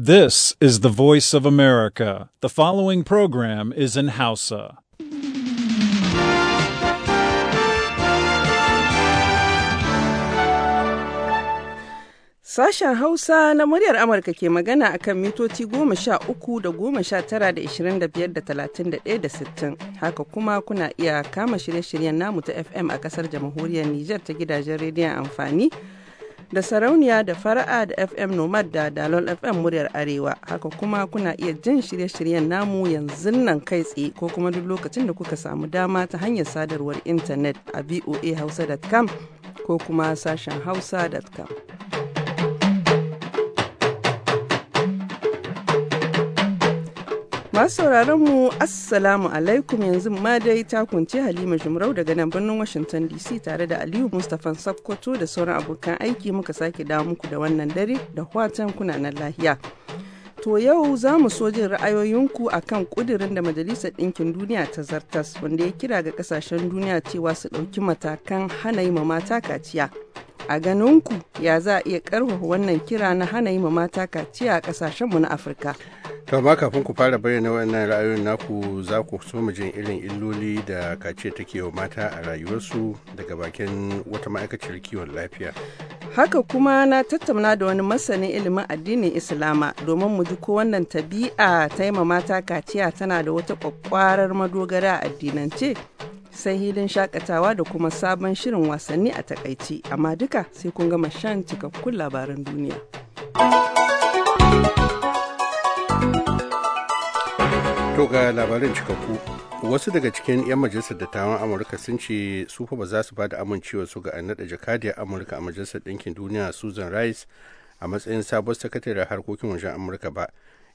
This is the voice of America. The following program is in Hausa. Sashen Hausa na muryar Amurka ke magana akan mitoci goma sha uku da goma sha tara da ishirin da biyar da talatin da ɗaya da sittin. Haka kuma kuna iya kama shirye-shiryen namu ta FM a ƙasar jamhuriyar Nijar ta gidajen rediyon amfani. da sarauniya da fara'a da fm nomad da dalol fm muryar arewa haka kuma kuna iya jin shirye-shiryen namu yanzu nan kai tsaye ko kuma duk lokacin da kuka samu dama ta hanyar sadarwar intanet a voahausa.com ko kuma sashen hausa.com Masu sauraron mu Assalamu alaikum yanzu ma dai takunce Halima Jumrau daga nan birnin Washington DC tare da Aliyu Mustapha Sakkwato da sauran abokan aiki muka sake dawo muku da wannan dare da watan kunanan lahiya. To yau za mu so jin ra'ayoyinku a kan ƙudirin da Majalisar Ɗinkin Duniya ta zartas wanda ya kira ga kasashen duniya cewa su ɗauki matakan hana yi mata kaciya. a ganinku ya za a iya karfafa wannan kira na hana yi ma mata kaciya a kasashenmu na afirka to ma kafin ku fara bayyana wannan ra'ayoyin naku za ku so mu jin irin illoli da kaciya take wa mata a rayuwarsu daga bakin wata ma'aikaciyar kiwon lafiya haka kuma na tattauna da wani masanin ilimin addinin islama domin mu ji ko wannan tabi'a ta yi mata kaciya tana da wata kwakwarar madogara a addinance sai hilin shakatawa da kuma sabon shirin wasanni a takaici amma duka sai kun gama shan cikakkun labaran duniya to ga labarin cikakku wasu daga cikin 'yan majalisar dattawan amurka sun ce su fa ba za su ba amincewa su ga annada jakadiyar amurka a majalisar ɗinkin duniya susan rice a matsayin sabon sakataren harkokin wajen amurka ba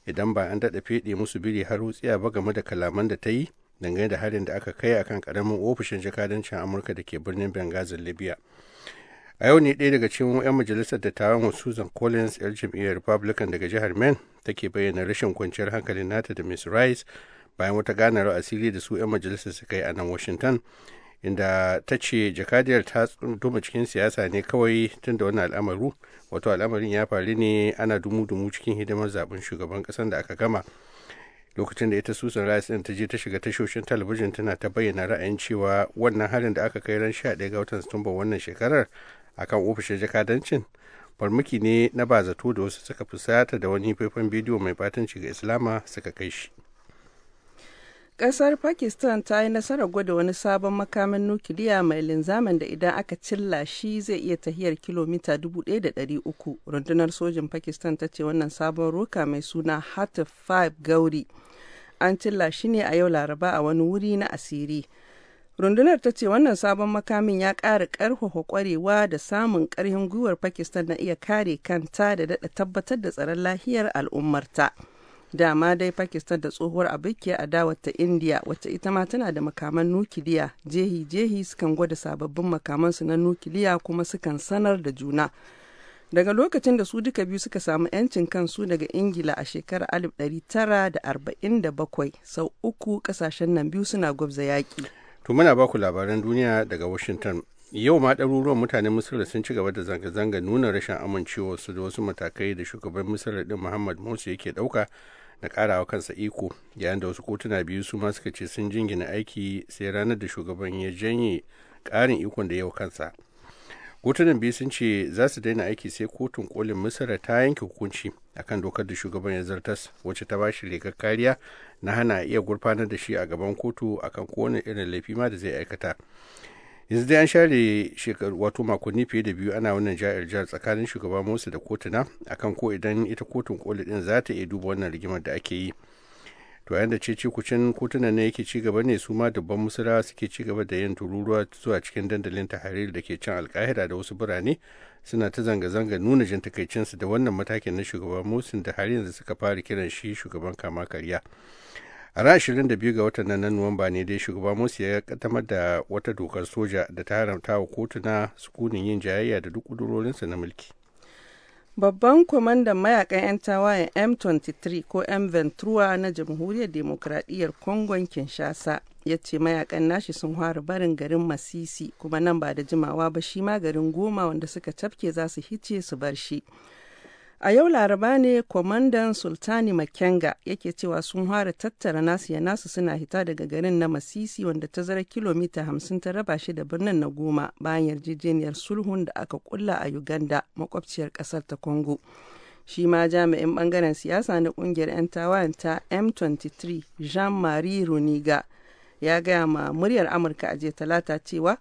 idan ba an daɗa feɗe musu biri har wutsiya ba game da kalaman da ta yi dangane da harin da aka kai a kan karamin ofishin jakadancin amurka da ke birnin benghazi libya a yau ne ɗaya daga cikin 'yan majalisar da wa susan collins 'yar jam'iyyar republican daga jihar maine take bayyana rashin kwanciyar hankalin nata da miss rice bayan wata ganar asiri da su 'yan majalisar su yi a nan washington inda ta ce jakadiyar ta tsunduma cikin siyasa ne kawai tun da wannan al'amaru wato al'amarin ya faru ne ana dumu-dumu cikin hidimar zaben shugaban ƙasar da aka gama lokacin da ita susan rice din ta je ta shiga tashoshin talabijin tana ta bayyana ra'ayin cewa wannan harin da aka kai ran 11 ga watan satumba wannan shekarar akan ofishin jakadancin farmaki ne na ba zato da wasu suka fusata da wani faifan bidiyo mai batanci ga islama suka kai shi Ƙasar Pakistan ta yi nasarar gwada wani sabon makamin nukiliya mai linzamin da idan aka cilla shi zai iya tahiyar kilomita 1,300. Rundunar sojin Pakistan ta ce wannan sabon roka mai suna hata 5 Gauri. An cilla shi ne a yau Laraba a wani wuri na asiri. Rundunar ta ce wannan sabon makamin ya ƙara ƙarfafa ƙwarewa da samun ƙarfin gwiwar Pakistan na iya kare kanta da daɗa tabbatar da tsaron lahiyar al'ummarta. dama dai pakistan da tsohuwar abokiya adawar ta india wacce ita ma tana da makaman nukiliya jehi jehi sukan gwada sababbin makamansu na nukiliya kuma sukan sanar da juna daga lokacin da su duka biyu suka samu 'yancin kansu daga ingila a shekarar 1947 sau uku kasashen nan biyu suna gwabza yaƙi. to muna baku labaran duniya daga washington yau ma ɗaruruwan mutanen misir sun ci gaba da zanga-zanga nuna rashin amincewa su da wasu matakai da shugaban misir din muhammad morsi yake ɗauka na karawa kansa iko yayin da wasu kotuna biyu su ma suka ce sun jingina aiki sai ranar da shugaban ya janye karin ikon da yau kansa kotunan biyu sun ce za su daina aiki sai kotun kolin misir ta yanke hukunci akan dokar da shugaban ya zartas wacce ta bashi rigar kariya na hana iya gurfanar da shi a gaban kotu akan kowane irin laifi ma da zai aikata yanzu dai an share shekaru wato makonni fiye da biyu ana wannan ja'ir jihar tsakanin shugaba musu da kotuna akan ko idan ita kotun koli din za ta iya duba wannan rigimar da ake yi to yayin da cece kucin kotunan ne yake ci gaba ne su ma dubban musulawa suke ci gaba da yin tururuwa zuwa cikin dandalin tahariri da ke can alkahira da wasu birane suna ta zanga-zanga nuna jin takaicinsu da wannan matakin na shugaban musu da har yanzu suka fara kiran shi shugaban kama karya ranar 22 ga watan nan na nuwamba ne dai shugaba musu ya kaddamar da wata dokar soja da ta haramta wa kotuna sukunin yin jayayya da duk kudurorinsa na mulki babban kwamandan mayakan 'yan tawayen m23 ko m ventura na jamhuriyar demokradiyyar kongon kinshasa ya ce mayakan nashi sun fara barin garin masisi kuma nan ba da jimawa ba shi ma garin goma wanda suka tafke za su hice su bar shi A yau laraba ne kwamandan Sultani Makenga yake cewa sun hara tattara nasu ya nasu suna hita daga garin na Masisi wanda ta zara kilomita hamsin ta raba shi da birnin na goma bayan yarjejeniyar sulhun da aka kulla a Uganda makwabciyar kasar ta Congo. Shi ma jami'in bangaren siyasa na kungiyar 'yan tawayen ta M23 Jean-Marie Runiga ya gaya ma muryar Amurka a talata cewa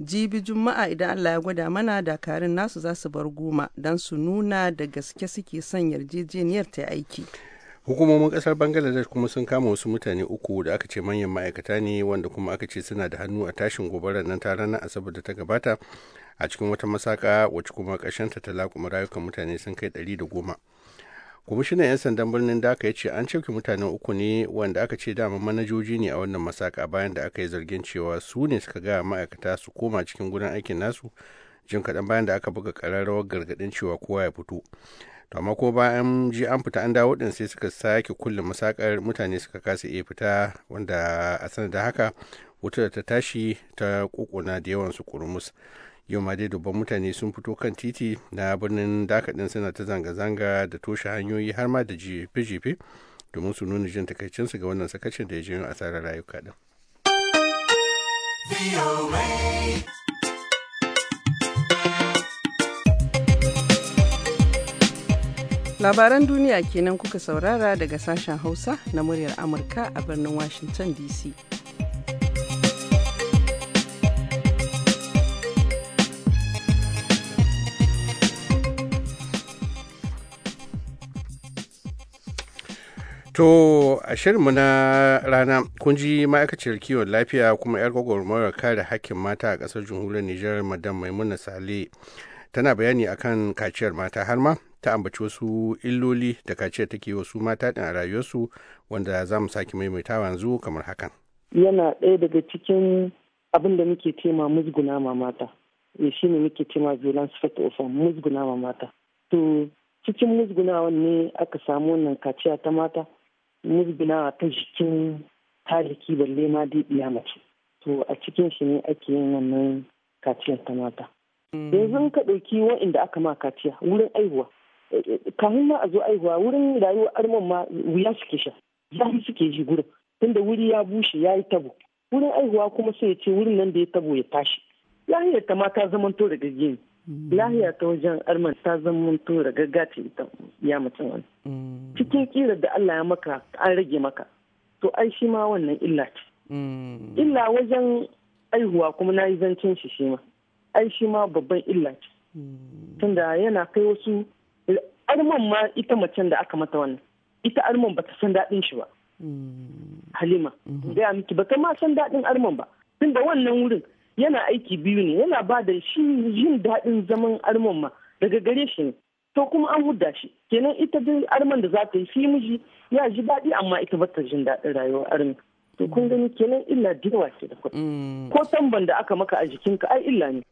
jibi juma'a idan allah ya gwada mana dakarun nasu za su bar goma don su nuna da gaske suke son yarjejeniyar ta aiki hukumomin kasar bangladesh kuma sun kama wasu mutane uku da aka ce manyan ma'aikata ne wanda kuma aka ce suna da hannu a tashin gobarar nan ta ranar asabar da ta gabata a cikin wata masaka wacce kuma ƙarshen ta laƙuma rayukan mutane sun kai ɗari da goma kwamishinan 'yan sandan birnin daka ya ce an cauke mutane uku ne wanda aka ce dama manajoji ne a wannan masaka bayan da aka yi zargin cewa su ne suka gaya ma'aikata su koma cikin gudan aikin nasu jin kaɗan bayan da aka buga ƙararrawar gargaɗin cewa kowa ya fito to amma ko bayan ji an fita an dawo din sai suka sake kulle masakar mutane suka kasa iya fita wanda a sanar da haka wutar ta tashi ta kokona da yawan su kurmus yau ma dai dubban mutane sun fito kan titi na birnin dakadin suna ta zanga-zanga da toshe hanyoyi har ma da jefe-jefe domin su nuna jin takaicinsu ga wannan sakacin da ya janyo asarar rayuka din. Labaran duniya kenan kuka saurara daga sashen Hausa na muryar Amurka a birnin Washington DC. To a shirinmu na rana kun ji ma'aikaciyar kiwon lafiya kuma 'yar gwagwarmayar kare hakkin mata a ƙasar jamhuriyar Nijar madam Maimuna Sale tana bayani akan kaciyar mata har ma ta ambaci wasu illoli da kaciyar take wasu mata din a rayuwarsu wanda za mu sake maimaitawa yanzu kamar hakan. Yana ɗaya daga cikin abin da muke cema musguna ma mata. Ya eh, shi ne muke cema violence fact of musguna ma mata. To cikin musgunawan ne aka samu wannan kaciya ta mata. musginawa ta jikin taliki balle ma dibiya mace to a cikin shi ne ake yin wannan kaciyar ta mata mm. yanzu ka ɗauki wa'inda aka ma kaciya wurin aihuwa eh, eh, kamun ma a zo aihuwa wurin rayuwar arman ma wuya suke sha zafi suke ji gurin tunda wuri ya bushe ya yi tabo wurin aihuwa kuma sai ya ce wurin nan da ya tabo ya tashi ya hanyar ta mata zamanto da da gajiyar lahiya ta wajen arman ta zan tura gaggace ita ya mutum wani cikin ƙirar da Allah ya maka an rage maka to ai shi ma wannan illa ce illa wajen aihuwa kuma na yi zancen shi shi ma ai shi ma babban illa ce tunda yana kai wasu arman ma ita macen da aka mata wannan ita arman ta san daɗin shi ba mm. halima da mm-hmm. miki bata ma san daɗin arman ba tunda wannan wurin yana aiki biyu ne yana ba da shi jin daɗin zaman arman ma daga gare shi ne to kuma an hudda shi kenan ita dai arman da za ta yi shi miji ya ji daɗi amma ita ba ta jin daɗin rayuwar armi to kun gani kenan illa da da kuɗi mm. ko tamban da aka maka a jikinka ai illa ne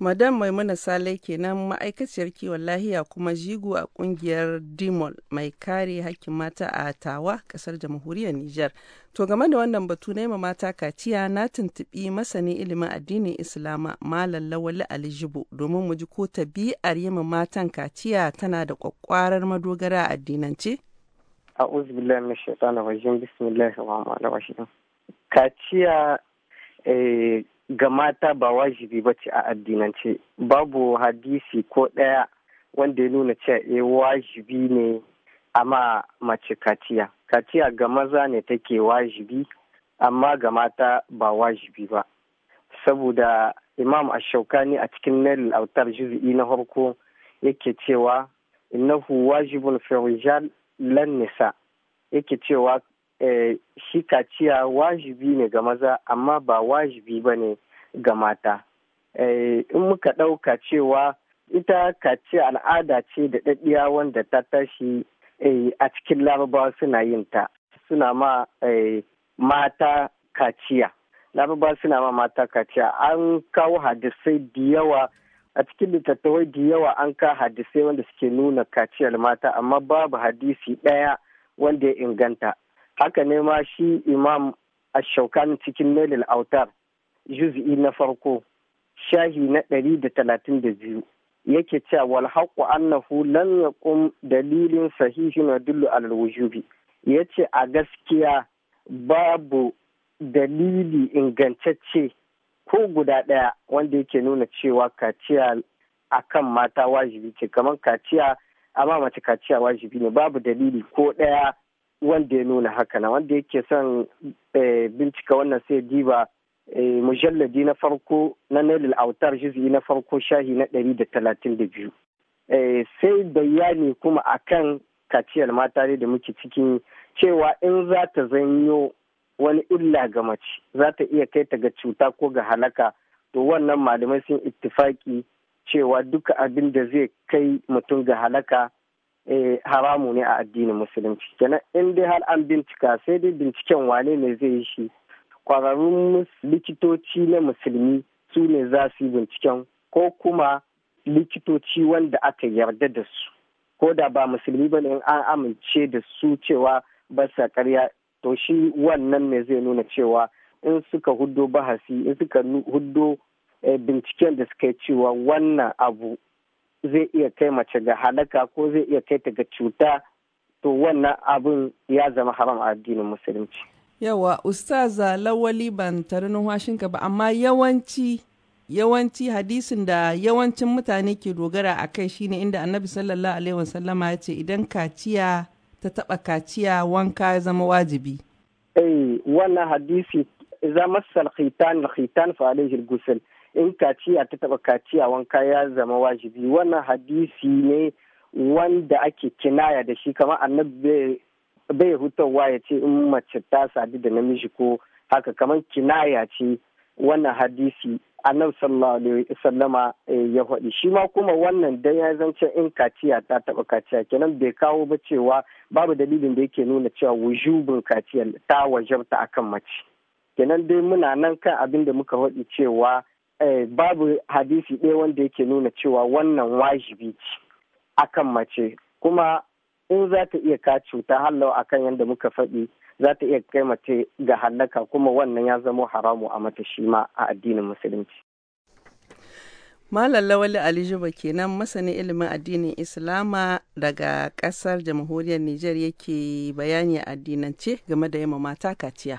Madam Maimuna Sale kenan ma'aikaciyar kiwon lahiya kuma jigo a kungiyar DIMOL mai kare hakkin mata a Tawa, kasar jamhuriyar Nijar. To game da wannan batu na ma mata kaciya na tuntubi masani ilimin addinin Islama Malam Lawali Ali domin mu ji ko tabi'ar yi matan kaciya tana da kwakwarar madogara a addinance. Kaciya eh, ga mata ba wajibi ba ce a addinance babu hadisi ko ɗaya wanda ya nuna cewa e wajibi ne amma mace kaciya kaciya ga maza ne take wajibi amma ga mata ba wajibi ba saboda imam ne a cikin nail autar juzi'i na farko yake cewa innahu wajibun fi rijal lan nisa yake cewa Eh, shi kaciya wajibi ne ga maza amma ba wajibi ba ne ga mata eh, in muka ɗauka cewa ita kaciya al'ada ce da ɗaɗɗiya wanda ta tashi eh, a cikin larabawa suna yin ta suna ma mata kaciya larabawa suna ma mata kaciya an kawo hadisai da yawa a cikin littattafai da yawa an ka hadisai wanda suke nuna kaciyar mata amma babu hadisi ɗaya wanda ya inganta haka ne ma shi imam a shaukani cikin nailil autar juz'i na farko shahi na ɗari da talatin da biyu yake cewa wal haqqu annahu lam yaqum dalilin sahihin dullu ala wujubi yace a gaskiya babu dalili ingantacce ko guda ɗaya wanda yake nuna cewa kaciya akan mata wajibi ce kamar kaciya amma mace kaciya wajibi ne babu dalili ko ɗaya wanda ya nuna haka na wanda yake son eh, bincika wannan sai diba eh, mujalladi na farko na nail autar jizi na farko shahi na ɗari da talatin da biyu eh, sai bayani kuma akan kaciyar mata ne da muke cikin cewa in za ta zanyo wani illa ga mace za ta iya kai ta ga cuta ko ga halaka to wannan malamai sun ittifaki cewa duka abin da zai kai mutum ga halaka Eh, haramu ne a addinin musulunci kenan in dai har an bincika sai dai binciken wane ne zai yi shi kwararrun likitoci na musulmi su ne za su yi binciken ko kuma likitoci wanda aka yarda da su ko da ba musulmi ba ne in an amince da su cewa ba sa karya to shi wannan ne zai nuna cewa in suka huddo bahasi in suka huddo eh, binciken da suka yi cewa wannan abu zai iya kai mace ga halaka ko zai iya kai ta ga cuta to wannan abin ya zama haram a addinin musulunci. Yawa ustaza lawali ban tare numfashinka ba amma yawanci yawanci hadisin da yawancin mutane ke dogara a kai shine inda annabi sallallahu alaihi wasallama ya ce idan kaciya ta taba kaciya wanka ya zama wajibi. Eh wannan hadisi za salkhitan khitan khitan fa alaihi in kaciya ta taba kaciya wanka ya zama wajibi wannan hadisi ne wanda ake kinaya da shi kamar annabi bai hutawa ya ce in mace ta sadu da namiji ko haka kamar kinaya ce wannan hadisi annabi sallallahu alaihi eh, ya faɗi shi ma kuma wannan dan ya zance in kaciya ta taɓa kaciya kenan bai kawo ba cewa babu dalilin da yake nuna cewa wujubin kaciya ta wajabta akan mace kenan dai muna nan kan abin da muka faɗi cewa Eh, babu hadisi ɗaya wanda yake nuna cewa wannan wajibi ce akan mace kuma in za ta iya ka cuta hallau akan yadda muka faɗi za ta iya kai mace ga hallaka kuma wannan ya zamo haramu a mata shi ma a addinin musulunci. Malam Lawali Ali Juba kenan masanin ilimin addinin Islama daga kasar jamhuriyar Nijar yake bayani addinance game da yamma mata kaciya.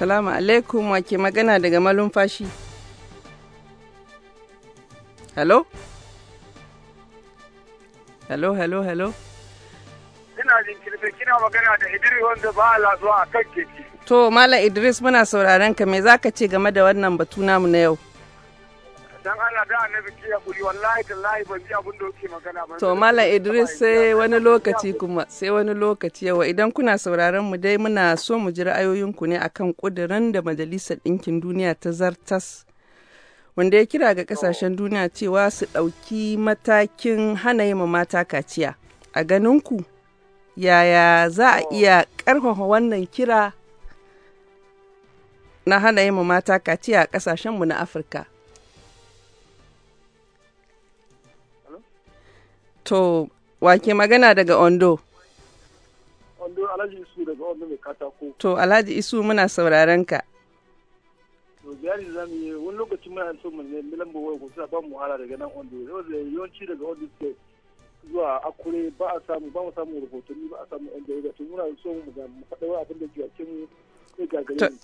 Salamu alaikum wake magana daga malumfashi. Hello? Hello, hello, hello. Ina jin kina magana da Idris wanda ba a zuwa a kan keke. To, Mala Idris muna sauraron ka me za ka ce game da wannan batu namu na yau? dan Allah da annabi ki hakuri wallahi tallahi ban ji abin da yake magana ba to mallam Idris sai wani lokaci kuma sai wani lokaci yawa idan kuna sauraron mu dai muna so mu ji ku ne akan kudirin da majalisar ɗinkin duniya ta zartas wanda ya kira ga kasashen duniya cewa su ɗauki matakin hana yi mata kaciya a ganinku yaya za a iya ƙarfafa wannan kira na hana yi mata kaciya a ƙasashenmu na afirka To, wake magana daga Ondo? Ondo Alhaji Isu daga Ondo mai katako. To, Alhaji Isu muna sauraron ka. To, biyari za mu yi wani lokaci muna so mu nemi lambar waya kusa ba mu wahala daga nan Ondo. Yau da yawanci daga Ondo suke zuwa Akure ba a samu ba mu samu rahotanni ba a samu Ondo. Wato muna so mu ga mu faɗa abin da ke mu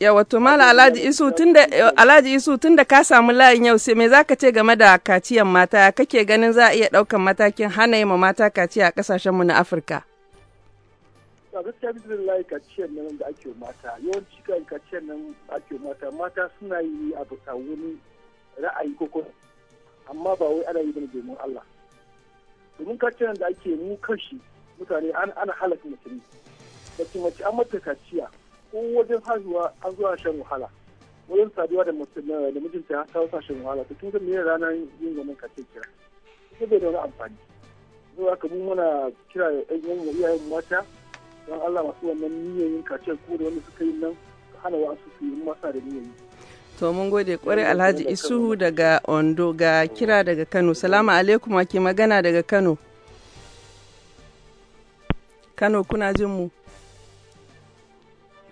yawa to mala alhaji isu tunda eh, alhaji isu tunda ka samu layin yau sai me zaka ce game da kaciyan mata kake ganin za a iya daukan matakin hana yi mata kaciya a kasashen mu na Afirka a gaskiya bismillah kaciyan nan da ake mata yawanci kan kaciyan nan ake mata mata suna yi a bisa wani ra'ayi ko amma ba wai ana yi bane domin Allah domin kaciyan da ake mu kashi mutane ana halaka mutum mace mace an mata kaciya ko wajen haihuwa an zuwa shan wahala wajen saduwa da da mijinta ta wasa shan wahala to tun zan ne ranar yin wannan kace kira ko bai da wani amfani zuwa ka mun muna kira da ɗan yan iyayen mata don Allah masu wannan yin kace ko da wanda suka yi nan hana wa su yi masa da niyoyi To mun gode kwarai Alhaji Isuhu daga Ondo ga kira daga Kano. Salamu alaikum ke magana daga Kano. Kano kuna jin mu.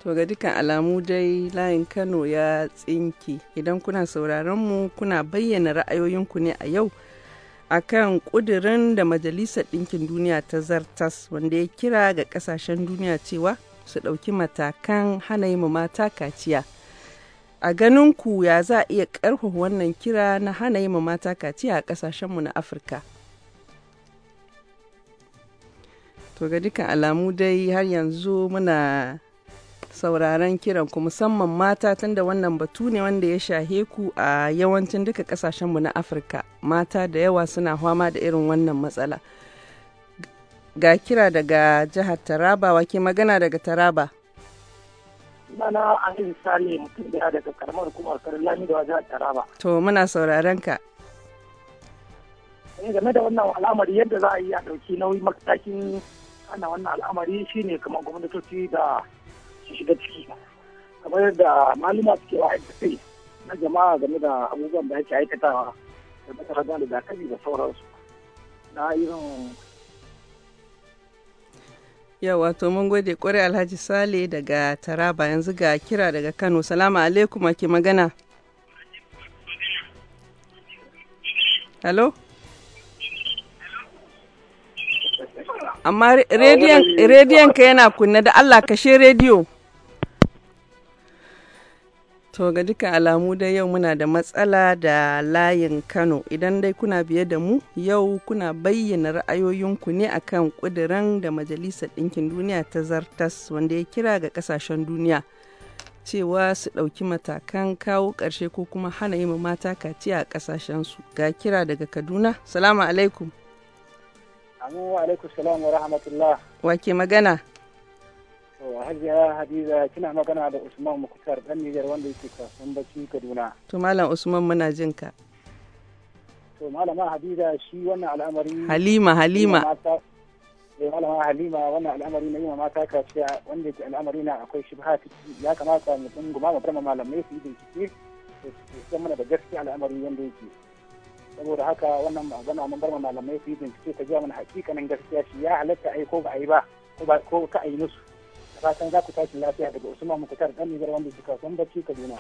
To ga dukkan alamu dai layin Kano ya tsinki idan kuna sauraron mu kuna bayyana ra'ayoyinku ne a yau akan kudirin da Majalisar Ɗinkin Duniya ta zartas wanda ya kira ga ƙasashen duniya cewa su ɗauki matakan hana yi mata kaciya. A ganin ku ya za a iya ƙarfafa wannan kira na hana yi mata kaciya a ƙasashenmu na Afirka. To ga dukkan alamu dai har yanzu muna sauraron kiran ku musamman mata tunda wannan batu ne wanda ya shahe ku a yawancin duka kasashenmu na afirka mata da yawa suna fama da irin wannan matsala ga kira daga jihar taraba wake magana daga taraba mana an sale mutum da daga karamar kuma lami da wajen taraba to muna sauraron ka eh, game da wannan al'amari yadda za a yi a ɗauki nauyi matakin ana wannan al'amari shine kamar gwamnatoci da su shiga ciki kamar yadda maluma suke wa sai, na jama'a game da abubuwan da ake aikatawa da matsala da rigakafi da sauransu na irin Yau wato mun gode kwarai alhaji sale daga taraba yanzu ga kira daga kano salamu alaikum ake magana hello amma rediyon ka yana kunna da allah kashe rediyo To ga duka alamu dai yau muna da matsala da layin Kano idan dai kuna biye da mu yau kuna bayyana ra'ayoyinku ne akan ƙudiran da Majalisar Ɗinkin Duniya ta zartas wanda ya kira ga ƙasashen duniya cewa su ɗauki matakan kawo ƙarshe ko kuma hana yi mata kaciya a ƙasashensu ga kira daga Kaduna. Salamu alaikum. Amin wa alaikum salam wa rahmatullah. Wa magana? Hajiya Hadiza kina magana da Usman Mukhtar dan Nijar wanda yake kasuwan bacci Kaduna. To Malam Usman muna jin ka. To Malama Hadiza shi wannan al'amari Halima Halima. Eh Malama Halima wannan al'amari na yima mata kaciya wanda yake al'amari na akwai shubha ciki ya kamata mu tsunguma mu farma malamai su yi bincike su san mana da gaskiya al'amari yanda yake. saboda haka wannan magana mun bar malamai su yi bincike ta gaya mana hakikanin gaskiya shi ya halatta ai ko ba a ba ko ka a yi musu fatan za ku tashi lafiya daga Usman Mukhtar dan nigar wanda suka san bacci Kaduna.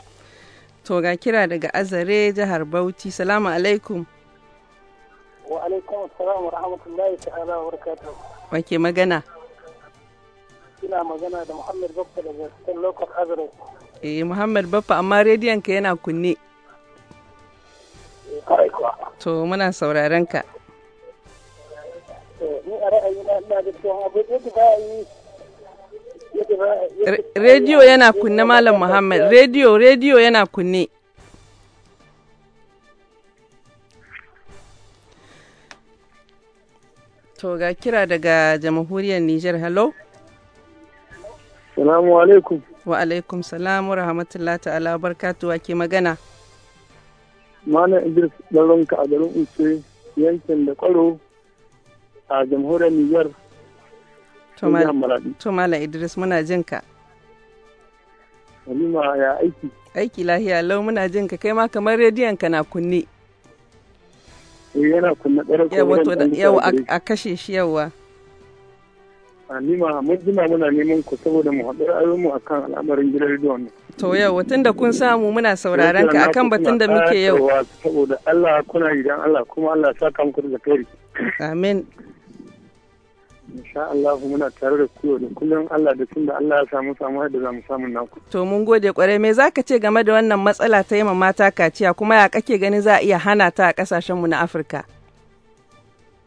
To ga kira daga Azare jihar Bauchi. Salamu alaikum. Wa alaikum assalam wa rahmatullahi ta'ala wa barakatuh. Wake magana? Ina magana da Muhammad Baffa daga cikin lokal Azare. Eh Muhammad Baffa amma rediyon ka yana kunne. Eh, to muna sauraron ka. Eh, ni a ra'ayina ina da cewa abu da ba yi Rediyo yana kunne Malam Muhammad. Rediyo, rediyo yana kunne. To ga kira daga jamhuriyar Nijar, hello? Salamu alaikum. Wa alaikum salamu rahmatullahi ta'ala barkatuwa ke magana. Mana Idris ɗan ka a garin Uce yankin da kwaro a jamhuriyar Nijar. Tumala Idris muna jin ka. Halima ya aiki. Aiki lahiya lau muna jin ka kai ma kamar rediyon ka na kunne. Eh, yana kunne ɗara ko da yawa a kashe shi yawa. Halima mun jima muna neman ku saboda mu haɗu a akan al'amarin gidan rediyon. To yau tun da kun samu muna sauraron ka akan batun da muke yau. Saboda Allah kuna idan Allah kuma Allah saka muku da kai. Amin. insha Allah muna tare da ku da kullum Allah da tunda Allah ya samu samu da zamu samu naku to mun gode kwarai me zaka ce game da wannan matsala ta yi mata kaciya kuma ya kake gani za a iya hana ta a kasashen mu na Afirka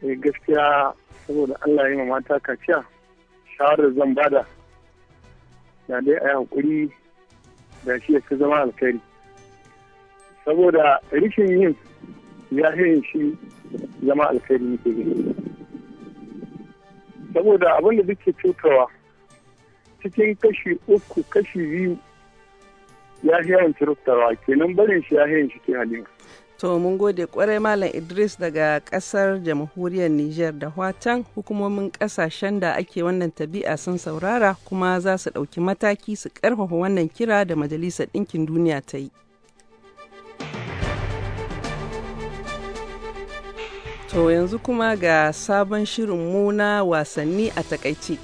eh gaskiya saboda Allah ya yi mata kaciya shawarar zan bada da dai a yi hakuri da shi ya fi zama alkhairi saboda rikin yin ya shi zama alkhairi nake gani saboda abin da duke cutarwa cikin kashi uku kashi biyu ya fi yawan cutarwa kenan barin shi ya fi yawan cikin halima. To mun gode kwarai Malam Idris daga kasar jamhuriyar Nijar da Watan hukumomin kasashen da ake wannan tabi'a sun saurara kuma za su ɗauki mataki su ƙarfafa wannan kira da Majalisar Ɗinkin Duniya ta yi. To yanzu kuma ga sabon shirin muna wasanni a takaici.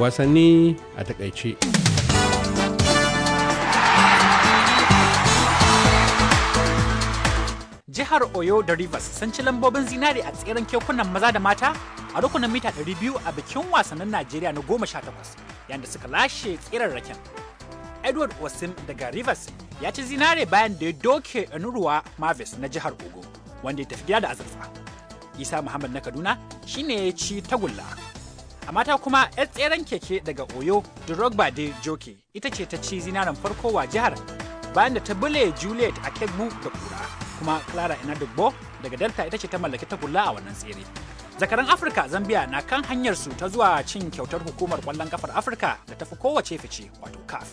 wasanni a takaice. Jihar Oyo da Rivers sun ci lambobin zinare a tseren kekunan maza da mata a rukunin mita 200 a bikin wasannin Najeriya na sha takwas yadda suka lashe tsirarraken. Edward Osim daga Rivers ya ci zinare bayan da ya doke Enuruwa Mavis na jihar Ogo wanda ya tafi gida da azurfa. Isa Muhammad na Kaduna shine ya ci tagulla. A mata kuma 'yar tseren keke daga Oyo Drogba de Joke ita ce ta ci zinaren farko wa jihar bayan da ta bule Juliet Akegbu da kura kuma Clara Inadogbo daga Delta ita ce ta mallaki tagulla a wannan tsere. zakaran afirka zambia na kan hanyar su ta zuwa cin kyautar hukumar kwallon kafar afirka da ta fi kowace fice wato caf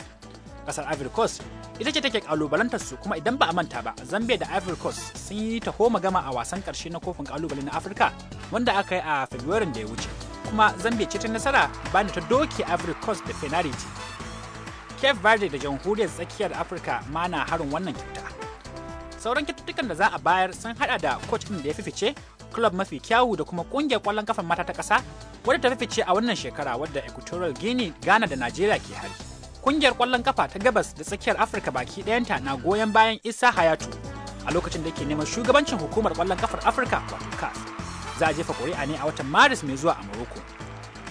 kasar ivory coast ita ce take kalubalantar su kuma idan ba a manta ba zambia da ivory coast sun yi taho gama a wasan karshe na kofin kalubale na afirka wanda aka yi a february da ya wuce kuma zambia ce ta nasara bayan ta doke ivory coast da penalty cape verde da jamhuriyar tsakiyar afirka ma na harin wannan kyauta sauran kyaututtukan da za a bayar sun hada da coach din da ya fifice club mafi kyawu da kuma kungiyar kwallon kafan mata ta ƙasa wadda ta fice a wannan shekara wadda Equatorial Guinea, Ghana da Najeriya ke hari. Kungiyar kwallon kafa ta gabas da tsakiyar Afirka baki ɗayanta na goyon bayan Isa Hayatu a lokacin da ke neman shugabancin hukumar kwallon kafar Afirka wato cas Za a jefa ƙuri'a ne a watan Maris mai zuwa a Morocco.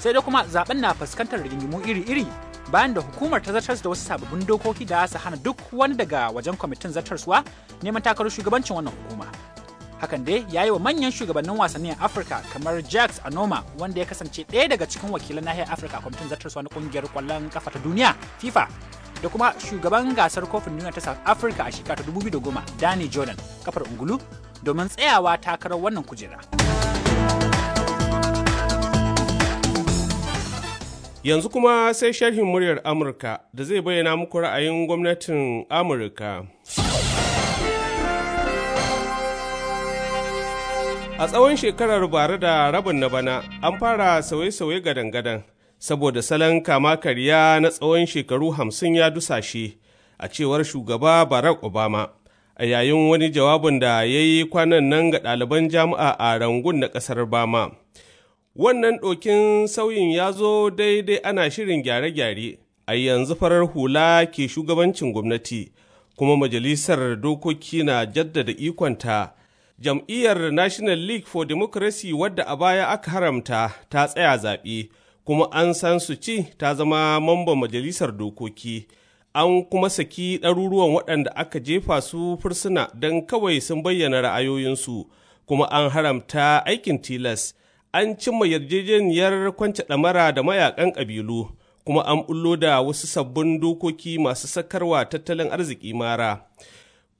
Sai dai kuma zaben na fuskantar rigingimu iri-iri bayan da hukumar ta zartar da wasu sababbin dokoki da su hana duk wani daga wajen kwamitin zartarsuwa neman takarar shugabancin wannan hukuma hakan dai ya yi wa manyan shugabannin wasanni a afirka kamar jax anoma wanda ya kasance ɗaya daga cikin wakilan nahiyar afirka kwamitin zartarsa na kungiyar kwallon kafa ta duniya fifa da kuma shugaban gasar kofin duniya ta south africa a shekara ta 2010 danny jordan kafar ungulu domin tsayawa takarar wannan kujera yanzu kuma sai sharhin muryar amurka da zai bayyana muku ra'ayin gwamnatin amurka. A tsawon shekarar bara da rabin na bana an fara sauye-sauye gadan-gadan saboda salon kama karya na tsawon shekaru hamsin ya dusashe a cewar shugaba Barack Obama. A yayin wani jawabin da ya yi kwanan nan ga ɗaliban jami'a a rangun na ƙasar Bama. Wannan ɗokin sauyin ya zo daidai ana shirin gyare-gyare, a yanzu farar hula ke shugabancin gwamnati, kuma majalisar dokoki na jaddada ikonta Jam'iyyar National League for Democracy wadda a baya aka haramta ta tsaya zaɓe, kuma an san su ci ta zama mamban majalisar dokoki. An kuma saki ɗaruruwan waɗanda aka jefa su fursuna don kawai sun bayyana ra'ayoyinsu, kuma an haramta aikin tilas. An cimma yarjejeniyar kwance ɗamara da mayakan ƙabilu. kuma an bullo da wasu sabbin dokoki masu sakarwa tattalin arziki mara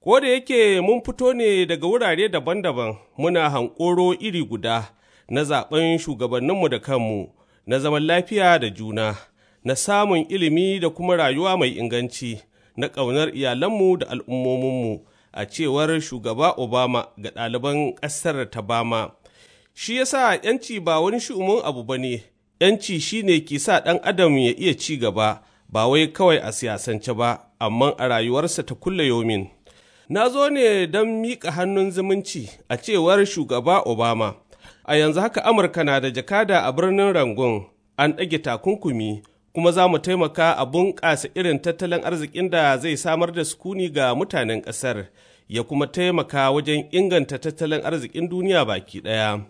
Ko da yake mun fito ne daga wurare daban-daban muna hankoro iri guda na zaɓen shugabanninmu da kanmu, na zaman lafiya da juna, na samun ilimi da kuma rayuwa mai inganci, na ƙaunar iyalanmu da al'ummominmu a cewar shugaba Obama ga ɗaliban ƙasar ta Bama. Shi yasa ‘yanci ba wani shi'umin abu ba ne, ‘yanci shi ne ke sa ɗan adam ya iya ci gaba, ba wai kawai a siyasance ba, amma a rayuwarsa ta kulle yomin. Na zo ne don miƙa hannun zumunci a cewar shugaba Obama. A yanzu haka Amurka na da jakada a birnin Rangon, an ɗage takunkumi, kuma za mu taimaka a bunƙasa irin tattalin arzikin da zai samar da sukuni ga mutanen ƙasar, ya kuma taimaka wajen inganta tattalin arzikin duniya baki ɗaya.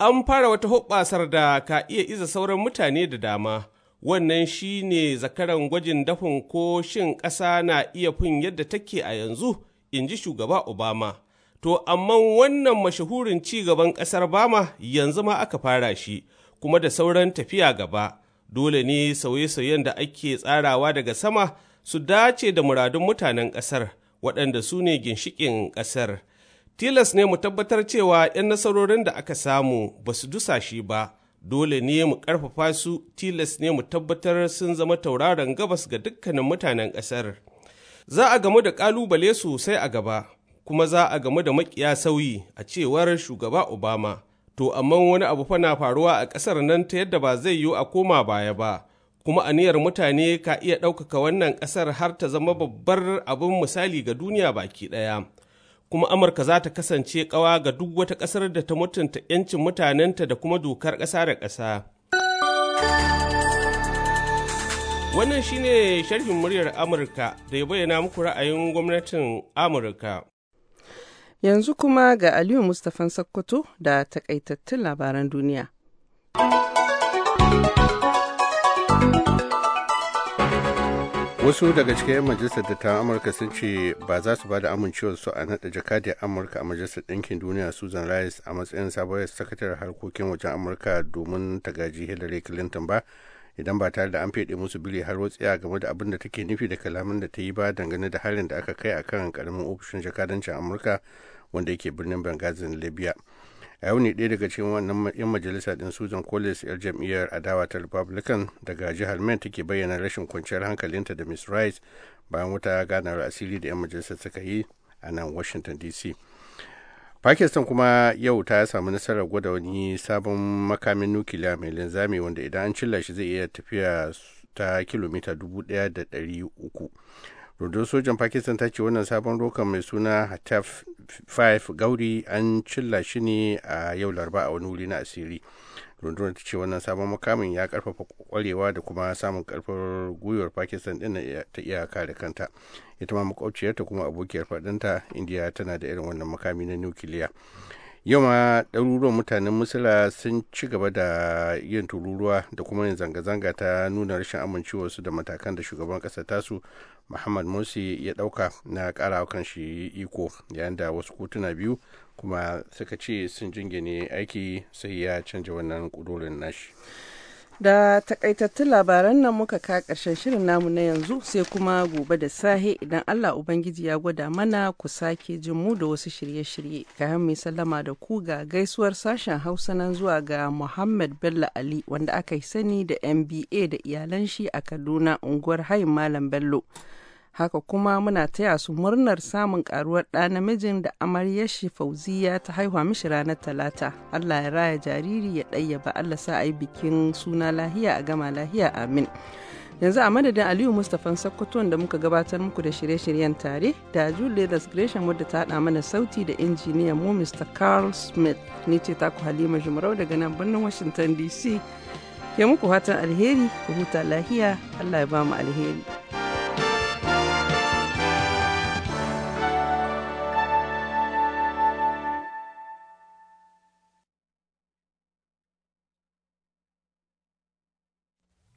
An fara wata hoɓɓasar da ka iya iza sauran mutane da dama. wannan shi ne zakaran gwajin dafin ko shin ƙasa na iya fin yadda take a yanzu, in ji shugaba Obama. To, amma wannan mashahurin ci gaban ƙasar Bama yanzu ma aka fara shi, kuma da sauran tafiya gaba, dole ne sauye-sauyen da ake tsarawa daga sama su dace da muradun mutanen ƙasar, waɗanda su ne ginshiƙin ƙasar. Tilas ne mu tabbatar cewa ‘yan nasarorin da aka samu ba su dusa shi ba, dole ne mu ƙarfafa su tilas ne mu tabbatar sun zama tauraron gabas ga dukkanin mutanen ƙasar. Za a gamu da ƙalubale sosai a gaba, kuma za a gamu da makiya sauyi a cewar shugaba Obama. To, amma wani abu fa na faruwa a ƙasar nan ta yadda ba zai yiwu a koma baya ba, kuma aniyar mutane ka iya ɗaukaka wannan ƙasar har ta zama babbar abin misali ga duniya baki ɗaya. kuma Amurka za ta kasance ƙawa ga duk wata ƙasar da ta mutunta 'yancin mutanenta da kuma dokar ƙasa da ƙasa. Wannan shine sharhin muryar Amurka da ya bayyana muku ra'ayin gwamnatin Amurka. Yanzu kuma ga Aliyu Mustapha Sakkwato da takaitattun labaran duniya. wasu daga cikin majalisar dattawan amurka sun ce ba za su ba da amincewar su a naɗa jakadiyar amurka a majalisar ɗinkin duniya susan rice a matsayin sabuwar sakatar harkokin wajen amurka domin ta gaji hillary clinton ba idan ba tare da an fede musu biri har watsiya game da abin da take nufi da kalamin da ta yi ba dangane da harin da aka kai a akan karamin ofishin jakadancin amurka wanda yake birnin benghazi libya a yau ne ɗaya daga cikin wannan 'yan majalisa ɗin susan collins 'yar jam'iyyar adawa ta republican daga jihar maine take bayyana rashin kwanciyar hankalinta da miss rice bayan wata ganawar asiri da 'yan majalisa suka yi a nan washington dc pakistan kuma yau ta samu nasarar gwada wani sabon makamin nukiliya mai linzami wanda idan an cilla shi zai iya tafiya ta kilomita uku rundun sojan pakistan ta ce wannan sabon rokan mai suna hataf 5 gauri an cilla shi ne a yau laraba a wani wuri na asiri rundunar ta ce wannan sabon makamin ya karfafa kwarewa da kuma samun karfar gwiwar pakistan din ta iyaka da kanta ita ma makwabciyarta kuma abokiyar fadinta indiya tana da irin wannan makami na nukiliya yau ma ɗaruruwan mutanen musula sun ci gaba da yin tururuwa da kuma yin zanga-zanga ta nuna rashin amincewarsu da matakan da shugaban ƙasa tasu muhammad morsi ya ɗauka na ƙara kan shi iko yayin da wasu kotuna biyu kuma suka ce sun jingine aiki sai ya canja wannan ƙudurin nashi Da takaitattun labaran nan muka ka ƙarshen shirin namu na yanzu sai kuma gobe da sahe idan Allah Ubangiji ya gwada mana ku sake jin mu da wasu shirye-shirye. Kayan mai sallama da ku ga gaisuwar sashen Hausa nan zuwa ga Muhammad Bello Ali wanda aka yi sani da MBA da iyalan shi a Kaduna unguwar Hayin Malam Bello. haka kuma muna taya su murnar samun karuwar ɗa namijin da amaryar shi fauziya ta haihuwa mishi ranar talata allah ya raya jariri ya ɗayyaba allah sa a yi bikin suna lahiya a gama lahiya amin yanzu a madadin aliyu mustapha sakkwato da muka gabatar muku da shirye-shiryen tare da julius gresham wadda ta haɗa mana sauti da injiniya mu mr carl smith ni ce taku halima jumarau daga nan birnin washington dc ke muku fatan alheri ku huta lahiya allah ya ba mu alheri